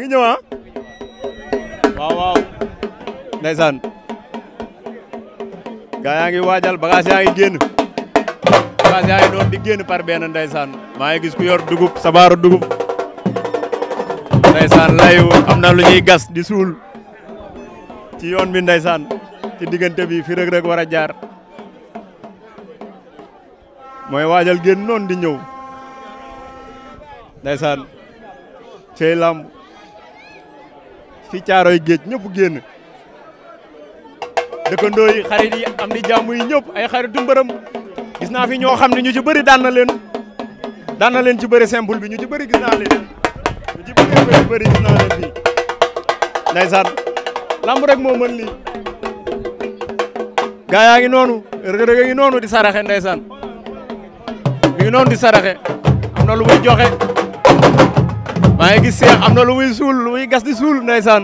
mi ngi ah? waaw waaw ndeysaan gaa yaa ngi waajal bagage yaa ngi génn bagage yaa ngi doon di génn par benn ndeysaan maa ngi gis ku yor dugub sabaaru dugub ndeysaan layu am na lu ñuy gas di suul ci yoon bi ndeysaan ci diggante bi fi rëg-rëg war a jaar mooy waajal génn di ñëw ndeysaan cey lamb fi caaroy géej ñëp génn dëkkandoo yi xarit am di jàmm yi ñëpp ay xaritu mbërëm gis naa fi ñoo xam ne ñu ci bëri daan na leen daan leen ci bëri simple bi ñu ci bëri gis naa leen ñu ci bëri bëri gis naa leen fii ndeysaan lamb rek moo mën yaa ngi noonu rëg di saraxe ndeysaan mi ngi di saraxe am na lu muy maa ngi gis Cheikh am na lu muy suul lu gas di suul ndeysaan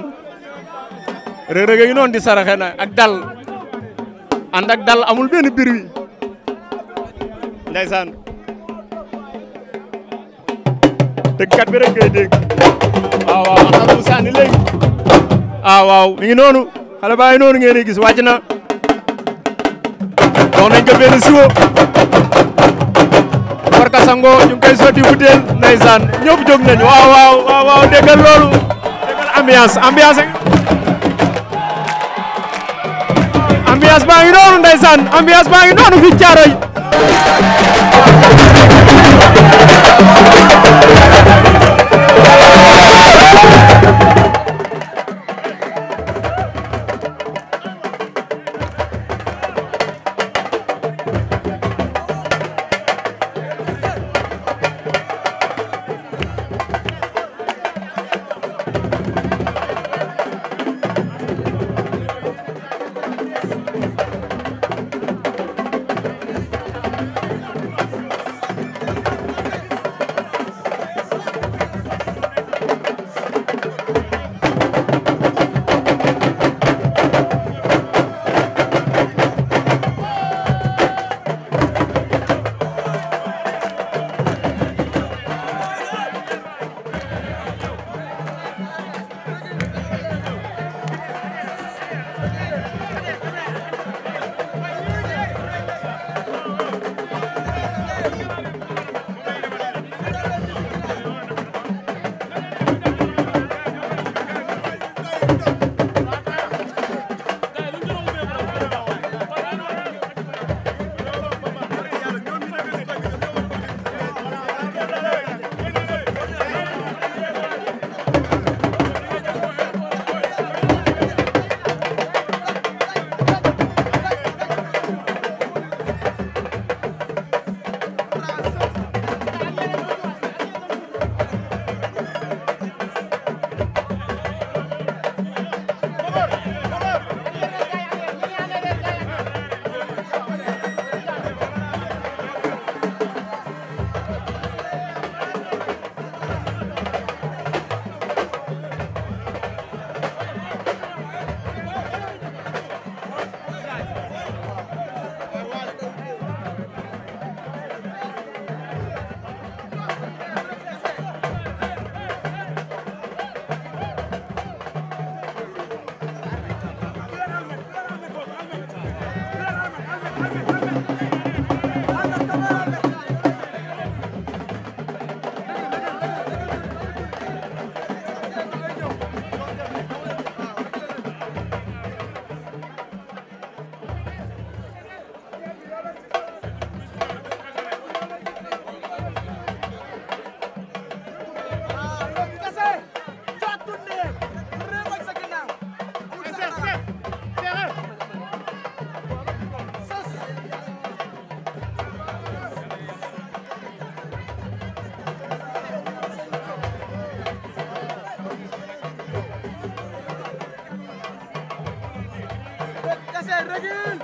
Reug Reug a noonu di saraxe na ak dal ànd amul benn bir wi ndeysaan tëggkat bi rek ngay dégg waaw waaw am na lu sànni léegi ah noonu xale baa ngi noonu ngeen di gis wàcc na dox nañ ko siwo Paka Sango ñu ngi koy sotti butéel ndeysaan ñëpp nañu waaw waaw waaw loolu déggal ambiance ambiance baa ngi noonu ndeysaan ambiance baa ngi noonu fi caaroy Reggae!